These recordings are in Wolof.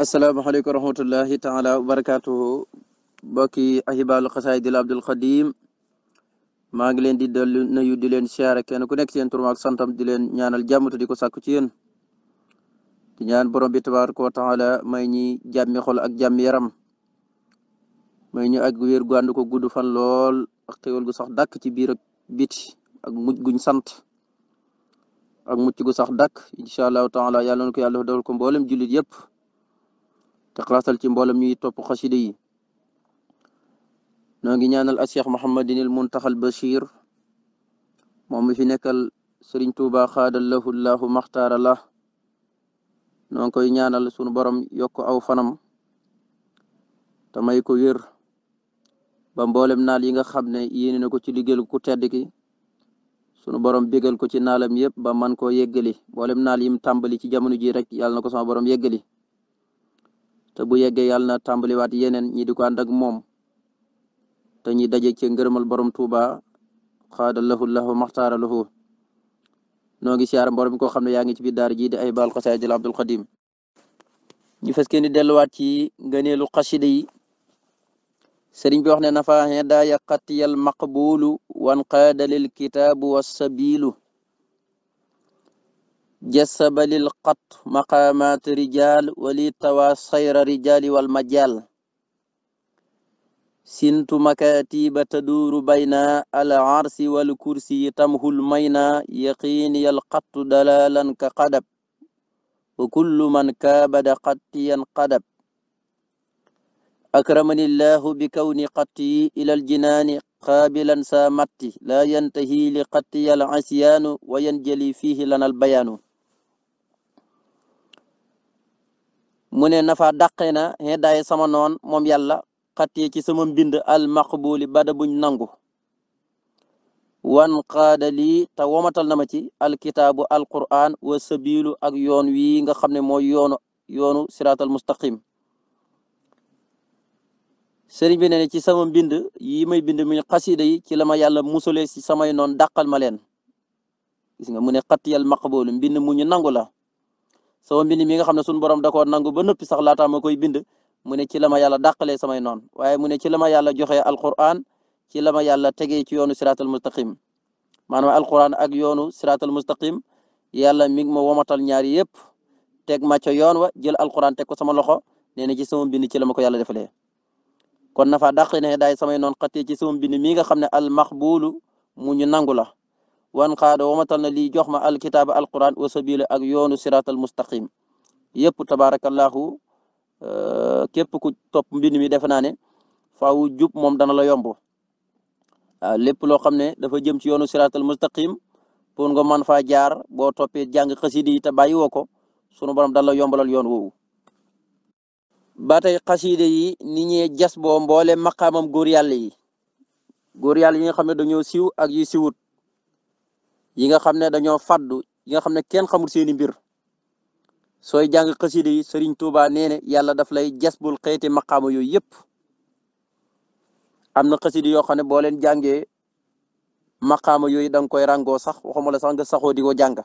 asalaamaaleykum wa rahmatullahi taala wa barakaatuhu mbokki ahibaalu xasaay di la Abdul Xadim maa ngi leen di dellu nuyu di leen siyaare kenn ku nekk seen turam ak santam di leen ñaanal jàmm te di ko sàkku ci yéen di ñaan borom bi tabaaraka ko taala may ñi jàmmi xol ak jàmmi yaram may ñu ak wér gu ànd ko gudd fan lool ak teewal gu sax dàkk ci biir ak biti ak mujj guñ sant ak mucc gu sax dàkk incha allahu taala yàlla na ko yàlla defal ko mboolem julit yëpp. te xalaasal ci mboolem ñuy topp xasida yi noo ngi ñaanal a cheikh mohamadinil muntaxal bachir moom mi fi nekkal sëriñ tuuba xaadal lahu llahu la noo koy ñaanal sunu borom yokk aw fanam te may ko wér ba mboolem naal yi nga xam ne yéene na ko ci liggéeyal ku tedd ki sunu borom bégal ko ci naalam yëpp ba man koo yeggali mboolem naal yim tàmbali ci jamono ji rek yàlla na ko sama borom yeggali te bu yeggee yàlla na tàmbaliwaat yeneen ñi ko ànd ak moom te ñi daje ci ngërëmal borom Touba xaada lahu lahu maxtaara lahu noo ngi siyaara mborom koo xam ne yaa ngi ci biir daara jii di ay baal xasaay jël Abdul Xadim ñu fas ni di delluwaat ci ngëneelu xasida yi sëriñ bi wax ne nafa heda ya qatiyal maqbulu wan qaada lil kitaabu sabilu jasaba lil qat maqamat rijal wali tawasayra rijali wal majal sintu makatiba taduru bayna al arsi wal kursi tamhul mayna yaqin yal qattu dalalan ka qadab wa kullu man kaabada qattiyan qadab akramani llahu bi kawni qatti ila aljinaani qaabilan saamatti laa yantahi li qatti al asyaanu wa yanjali fihi lana albayaanu mu ne nafa dàqe na xëy daay sama noon moom yàlla xatee ci sama mbind al maqbuli bada buñ nangu. wan qaada li te womatal na ma ci alkitaabu alquran wa sabilu ak yoon wii nga xam ne mooy yoonu yoonu siraatal mustaqim sëriñ bi ci sama mbind yi may bind muy xasida yi ci la ma yàlla musale si samay noon dàqal ma leen gis nga mu ne xatiyal maqbulu mbind mu nangu la sama mbind mi nga xam ne sunu borom da koo nangu ba noppi sax laataa ma koy bind mu ne ci lama ma yàlla dàqalee samay noon waaye mu ne ci la ma yàlla joxee alquran ci la ma yàlla tegee ci yoonu siraatal mustaqim maanaam alquran ak yoonu siraatal mustaqim yàlla mi ngi ma womatal ñaari yëpp teg ma ca yoon wa jël alquran teg ko sama loxo nee na ci sama mbind ci la ma ko yàlla defalee kon na faa dàq ne daay samay noon xatee ci sama mbind mi nga xam ne al maqbulu mu ñu nangu la wan xaada wamatal na lii jox ma alkitaaba alquran wa sabila ak yoonu siraatal mustaqim yëpp tabaarakallahu euh, képp ku top mbind mi defe naa ne faaw jub moom dana la yomb waaw lépp loo xam ne dafa jëm ci yoonu siraatal mustaqim pour nga man faa jaar boo toppee jàng xasida yi te bàyyi woo ko sunu borom dana la yombalal yoon woowu. ba tey xasida yi ni ñee jas boo mboole maqaamam góor yàlla yi góor yàlla yi nga xam ne dañoo siiw ak yi siwut yi nga xam ne dañoo faddu yi nga xam ne kenn xamul seeni mbir sooy jàng xasida yi Serigne Touba nee na yàlla daf lay bul xeeti maqaama yooyu yëpp am na xasida yoo xam ne boo leen jàngee maqaama yooyu da koy ràngoo sax waxuma la sax nga saxoo di ko jàng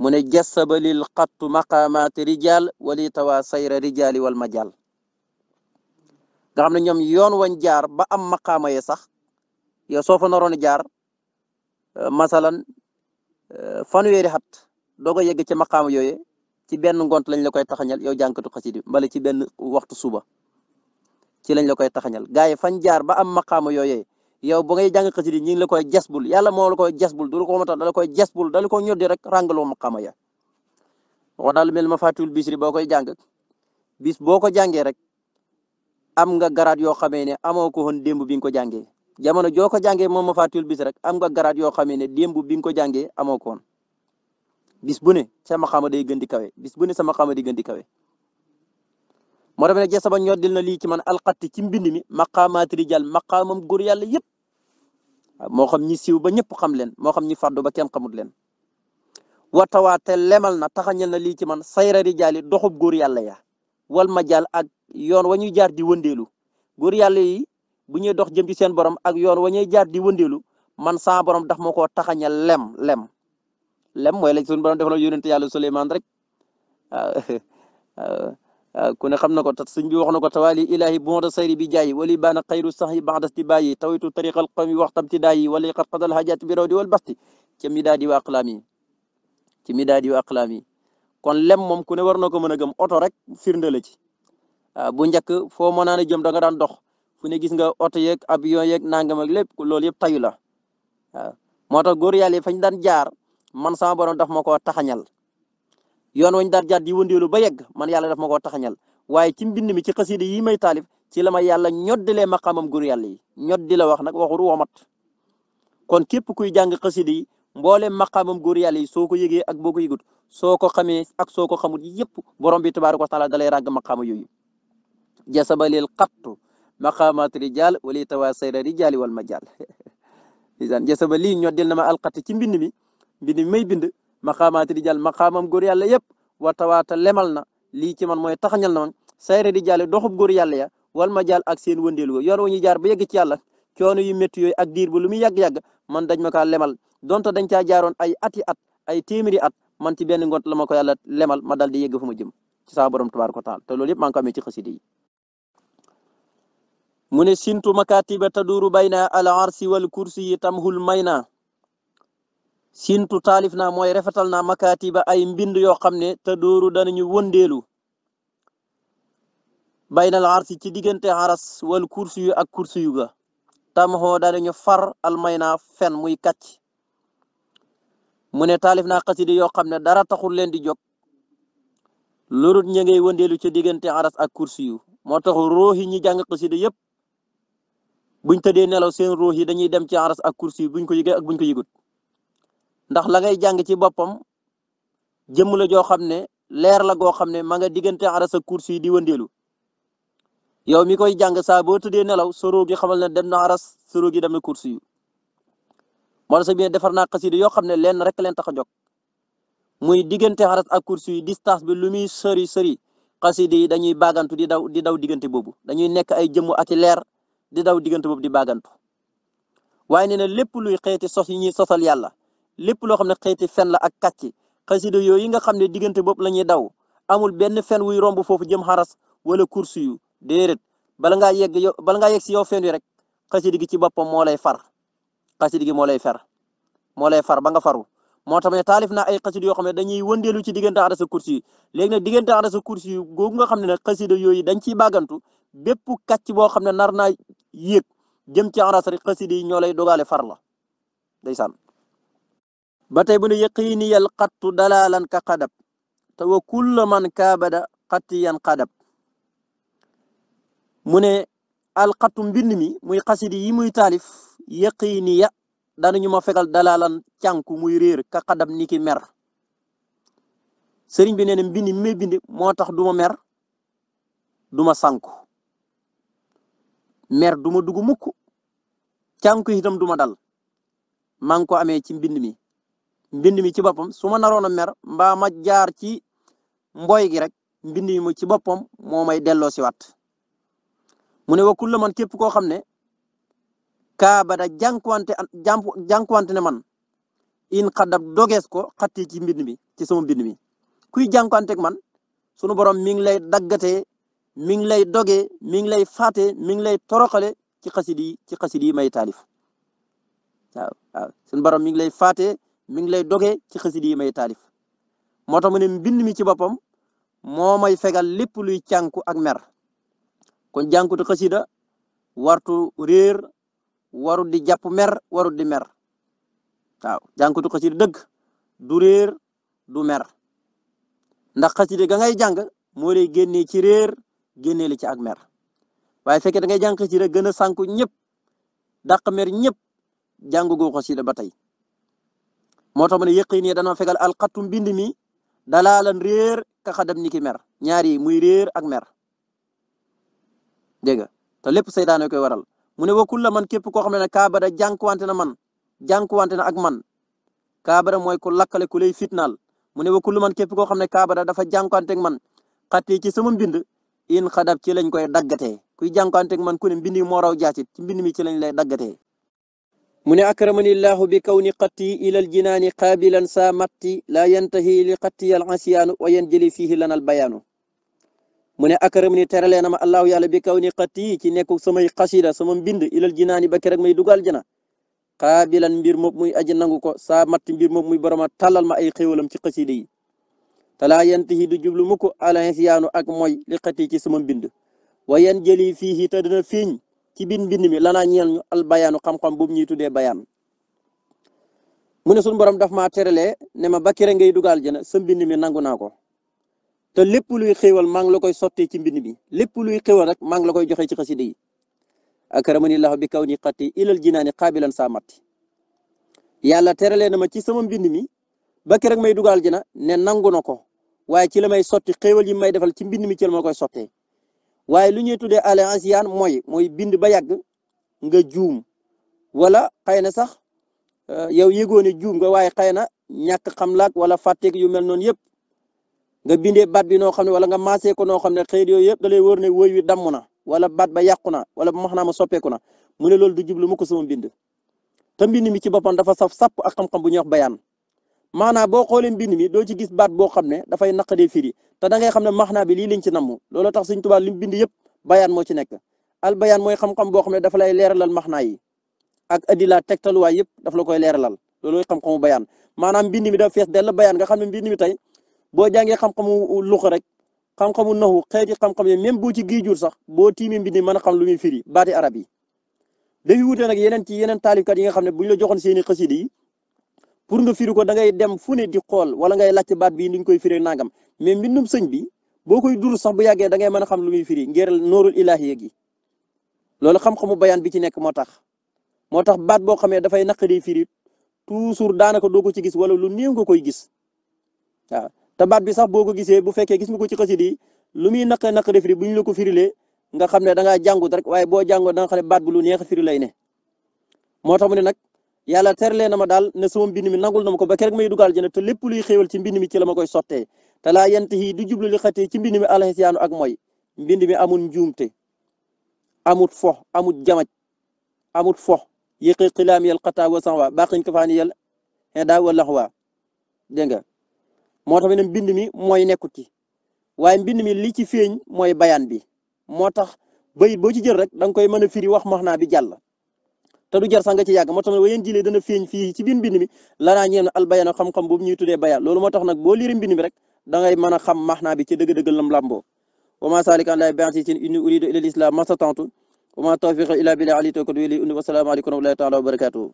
mu ne jasaba lil xattu maqaamaati rijal wali tawa sayra rijali wal majal nga xam ne ñoom yoon wañ jaar ba am maqaama ye sax yow soo fa naroon jaar Euh, masalan euh, fanweeri xat doo ko yegg ci maqaam yooye ci benn ngont lañ la koy taxañal yow jànkatu xasidi mbala ci benn waxtu suba ci lañ la koy taxañal gars yi fañ jaar ba am maqaam yooyee yow ba ngay jàng xasidi ñi ngi la koy jasbul yàlla moo la koy jasbul du la ko mata da la koy jasbul da la ko ñoddi rek ràngaloo maqaama ya wax daal mel mafatul bisri boo koy jàng bis boo ko jàngee rek am nga garad yoo xamee ne amoo ko woon démb bi nga ko jàngee jamono joo ko jàngee moom ma fàttali bis rek am nga garaat yoo xamee ne démb bi nga ko jàngee amoo koon bis bu ne sama xama day gën di kawe bis bu ne sama xama day gën di kawe. moo tax ne jasaba ñoddil na lii ci man alxatti ci mbind mi maqaamaati rijal maqaamam góor yàlla yëpp moo xam ñi siw ba ñëpp xam leen moo xam ñi fàddu ba kenn xamut leen. watawaate lemal na taxañal na lii ci man sayra rijaali doxub góor yàlla yaa wal ma jaal ak yoon wa ñuy jaar di wëndeelu góor yàlla yi bu ñuy dox jëm ci seen borom ak yoon wa ñuy jaar di wëndeelu man saa borom daf ma koo taxañ a lem lem lem mooy la suñu borom defaloon yónente yàlla Suleymaan rek ku xam na ko sëñ bi wax na ko tawali ilahi bonda sayri bi jaayi wali baana xayru sax yi baxdas ti bàyyi tawitu tariqal qawmi waxtam ti daayi wali qad qadal hajati bi rawdi wal basti ci midaadi wa aqlaam yi ci midaadi wa aqlaam yi kon lem moom ku ne war na ko mën a gëm oto rek firnde la ci ah, bu njëkk foo mënaan a jëm da nga daan dox fu ne gis nga oto yeeg avion yeeg nangam ak lépp lool yëpp tayu la moo tax góor yàlla yi fañ daan jaar man sama borom daf ma koo taxañal yoon wañ daan jaar di wëndeelu ba yegg man yàlla daf ma koo taxañal waaye ci mbind mi ci xasida yi may taalif ci la ma yàlla ñoddilee maqaamam góor yàlla yi ñoddi la wax nag waxuru womat kon képp kuy jàng xasida yi mbooleem maqaamam góor yàlla yi soo ko yëgee ak boo ko yëgut soo ko xamee ak soo ko xamut yëpp borom bi tabaaraka wa taala dalay ràgg maqaama yooyu jasabalil xattu maqaamaat rijaal wali tawaasayra rijaali wal ma majaal isaan jasaba lii ñoddil na ma alxati ci mbind mi mbind mi may bind maqaamaat rijaal maqaamam góor yàlla yëpp waa tawaata lemal na lii ci man mooy taxañal na man sayra rijaali doxub góor yàlla ya wal ma jaal ak seen wëndeelu yoon wu ñuy jaar ba yegg ci yàlla coono yu métti yooyu ak diir ba lu mu yàgg-yàgg man dañ ma kaa lemal donte dañ caa jaaroon ay ati at ay téeméeri at man ci benn ngont la ma ko yàlla lemal ma dal di yegg fu ma jëm saa borom tabaaraka taala te loolu yëpp maa ngi ko mu ne sintu makatiba taduru bayna al arsi wal kursi yi tamhul may naa sintu taalif naa mooy rafetal naa makatiba ay mbind yoo xam ne taduru danañu wëndeelu bayna al arsi ci diggante aras wal kursi yu ak kursi yu ga tamxoo danañu far al may naa fen muy kàcc mu ne taalif naa xasida yoo xam ne dara taxul leen di jóg lorut ña ngay wëndeelu ci diggante aras ak kursi yu moo tax roohi ñi jàng xasida yépp buñ tëddee nelaw seen ruux yi dañuy dem ci aras ak kursi buñ ko yëgee ak buñ ko ndax la ngay jàng ci boppam jëmm la joo xam ne leer la goo xam ne ma nga diggante aras ak kursi di wëndeelu yow mi koy jàng saa boo tëddee nelaw soroo gi xamal ne dem na aras soroo gi dem na kursi yu moo sa bi defar naa xasida yoo xam ne lenn rek leen tax a jóg muy diggante aras ak kursi yu distance bi lu muy sori sori xasida yi dañuy baagantu di daw di daw diggante boobu dañuy nekk ay jëmm aki i leer di daw diggante boobu di baagantu waaye nee na lépp luy xeeti sos yi ñuy sosal yàlla lépp loo xam ne xeeti fen la ak kàcc xasida yooyu nga xam ne diggante boobu la ñuy daw amul benn fen wuy romb foofu jëm xaras wala kursu yu déedéet bala ngaa yegg yow bala ngaa yegg si yow fen wi rek xasida gi ci boppam moo lay far xasida gi moo lay fer moo lay far ba nga faru moo tax ne taalif naa ay xasida yoo xam ne dañuy wëndeelu ci diggante xaras ak kursu yi léegi nag diggante xaras ak nga xam ne nag xasida yooyu dañ ciy baagantu bépp kàcc boo xam ne nar na yéeg jëm ci aras rek xasida yi ñoo lay dogaale far la ndeysaan ba tey bu ne yaqiini yal xattu dalalan ka xadab te wa kulla man kaabada yan xadab mu ne alxattu mbind mi muy xasidi yi muy taalif yaqiini ya danañu ma fegal dalalan cànku muy réer ka xadab ni mer sëriñ bi nee na mbind moo tax duma mer duma ma sànku mer du ma dugg mukk cànku itam du ma dal maa ngi ko amee ci mbind mi mbind mi ci boppam su ma naroon a mer mbaa ma jaar ci mboy gi rek mbind mi ci boppam moo may delloo si waat mu ne wakul la man képp koo xam ne kaaba da jànkuwante jànkuwante ne man in xadab doges ko xatti ci mbind mi ci sama mbind mi kuy jànkuwanteeg man sunu borom mi lay daggatee mi ngi lay doge mi ngi lay fàtte mi ngi lay toroxale ci xasida yi ci xasida yi may taalif waaw waaw suñ mi ngi lay fàtte mi ngi lay doge ci xasida yi may taalif moo tax mu ne mbind mi ci boppam moo may fegal lépp luy cànku ak mer kon jànkutu xasida wartu réer waru di jàpp mer waru di mer waaw jànkutu xasida dëgg du réer du mer ndax xasida ga ngay jàng moo lay génnee ci réer génnee la ci ak mer waaye fekkee da ngay jàng xasida gën a sànku ñëpp ñépp mer ñëpp jàngugoo ba tey moo tax ma ne yëqin yi dana fegal alxattu mbind mi dalaalan réer ka xadam ni ki mer ñaari yi muy réer ak mer dégg nga te lépp saytaane koy waral mu ne wakul la man képp koo xam ne kaa bada wante na man wante na ak man kaa bada mooy ku lakkale ku lay fitnaal mu ne wakul man képp koo xam ne kaabada dafa jànkuwante ak man xatee ci sama mbind in xadab ci lañ koy daggatee kuy jànkuwanteeg man ku ne mbind mi moo raw ci mbind mi ci lañ lay daggatee. mu ne akramani llahu bi kawni xatti ila aljinaani qaabilan saa matti la yantahi li xatti al asiyaanu wa yanjali fiihi lanal bayaanu mu ne akramani terale na ma allahu yàlla bi kaw kawni i ci nekku samay xasida sama mbind ilal jinaani ba kerek may dugal jana qaabilan mbir moom muy aji nangu ko saa matti mbir moom muy boroma tàllal ma ay xéwalam ci xasida yi talaa yantahi du jublu mukk alinsiyaanu ak mooy li xati ci sama mbind wa yan jëli fii te dina fiiñ ci biir mbind mi lanaa ñeel ñu albayaanu xam-xam boobu ñuy tuddee bayaan mu ne suñu borom daf maa teralee ne ma bakkire ngay dugal jëna sa mbind mi nangu naa ko te lépp luy xéewal maa ngi la koy sottee ci mbind mi lépp luy xéewal maa ngi la koy joxe ci xasida yi akramani llaahu bi kaw ni xati ilal jinaani xaabilan saa matti yàlla teralee na ma ci sama mbind mi bakkire may dugal jëna ne nangu na ko waaye ci la may sotti xéewal yi may defal ci mbind mi ci la ma koy sottee waaye lu ñuy tuddee al isyan mooy mooy bind ba yàgg nga juum walla xëy na sax euh, yow yëgoo ne juum nga waaye xëy na ñàkk xam laak wala fàtteeg yu mel noonu yëpp nga bindee baat bi noo xam ne wala nga maasee ko noo xam ne xëy yooyu yëpp da lay wóor ne wóy wi damm na wala baat ba yàqu na wala max naa ma soppeeku na mu ne loolu du jublu mu ko sama mbind te mbind mi ci boppam dafa saf sàpp ak xam bu ñuy wax bayaan maanaa boo xoolee mbind mi doo ci gis baat boo xam ne dafay naqadee firi te dangay xam ne maxnaa bi lii lañ ci namm loolu tax Sëñ Tuubaa li mu bind yëpp bayaan moo ci nekk al bayaan mooy xam-xam boo xam ne dafa lay leeralal maxnaa yi ak adila tegtaluwaay yëpp daf la koy leeralal loolooy xam-xamu bayaan maanaam mbind mi dafa fees dell bayaan nga xam ne mbind mi tey boo jàngee xam-xamu luxa rek xam-xamu naxu xeeti xam-xam yi même boo ci giijur sax boo tiimee mbind mi mën a xam lu muy firi baati arab yi dañuy wute nag yeneen ci yeneen xam ne buñ la joxoon seeni xasida yi pour nga firi ko dangay ngay dem fu ne di xool wala ngay laajte baat bii ni ñu koy firee nangam mais mbindum sëñ bi boo koy duru sax bu yàggee da ngay mën a xam lu muy firi ngir nooru ilaahi gi loolu xam-xamu bayaan bi ci nekk moo tax moo tax baat boo xamee dafay naqari firi toujours daanaka doo ko ci gis wala lu néew nga koy gis te baat bi sax boo ko gisee bu fekkee gis nga ko ci xasida yi lu muy naq naqari firi bu ñu la ko firilee nga xam ne da ngaa jàngut rek waaye boo jàngoo da nga xam ne baat neex a firi lay ne moo tax mu ne nag yàlla terlee na ma daal ne sama mbind mi nangul na ma ko ba keroog may dugal jëne te lépp luy xéewal ci mbind mi ci la ma koy sottee te laa yent yi du jublu li xatee ci mbind mi alxisiyaanu ak mooy mbind mi amul njuumte amut fo amut jamaj amut fo yëqi xilaam yel xataa wa sax waa baaxiñ kafaani yel xedaa wa lax moo tax ne mbind mi mooy nekkut ci waaye mbind mi li ci feeñ mooy bayan bi moo tax bayit boo ci jël rek danga koy mën firi wax max naa bi jàll te du jar sax nga ci yàgg moo tax nag wayeen jilee dana feeñ fii ci biir mbind mi lanaa ñeen al bayana xam-xam boobu ñuy tuddee bayaan loolu moo tax nag boo liiri mbind mi rek da ngay a xam maxnaa bi ci dëgg-dëgg lam làmboo wa ma salika an laay ci in uridu ila islam masatantu wa ma tawfiqa ila billah ali tawkat weli und wasalaamaaleykum wa rahmatullahi taala wa barakatuhu